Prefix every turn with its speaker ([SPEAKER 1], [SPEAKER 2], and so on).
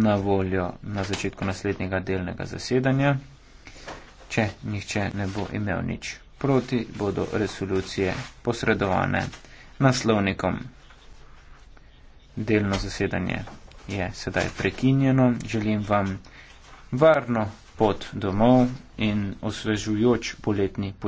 [SPEAKER 1] na voljo na začetku naslednjega delnega zasedanja. Če nihče ne bo imel nič proti, bodo resolucije posredovane naslovnikom. Delno zasedanje je sedaj prekinjeno. Želim vam varno pot domov
[SPEAKER 2] in osvežujoč poletni počitek.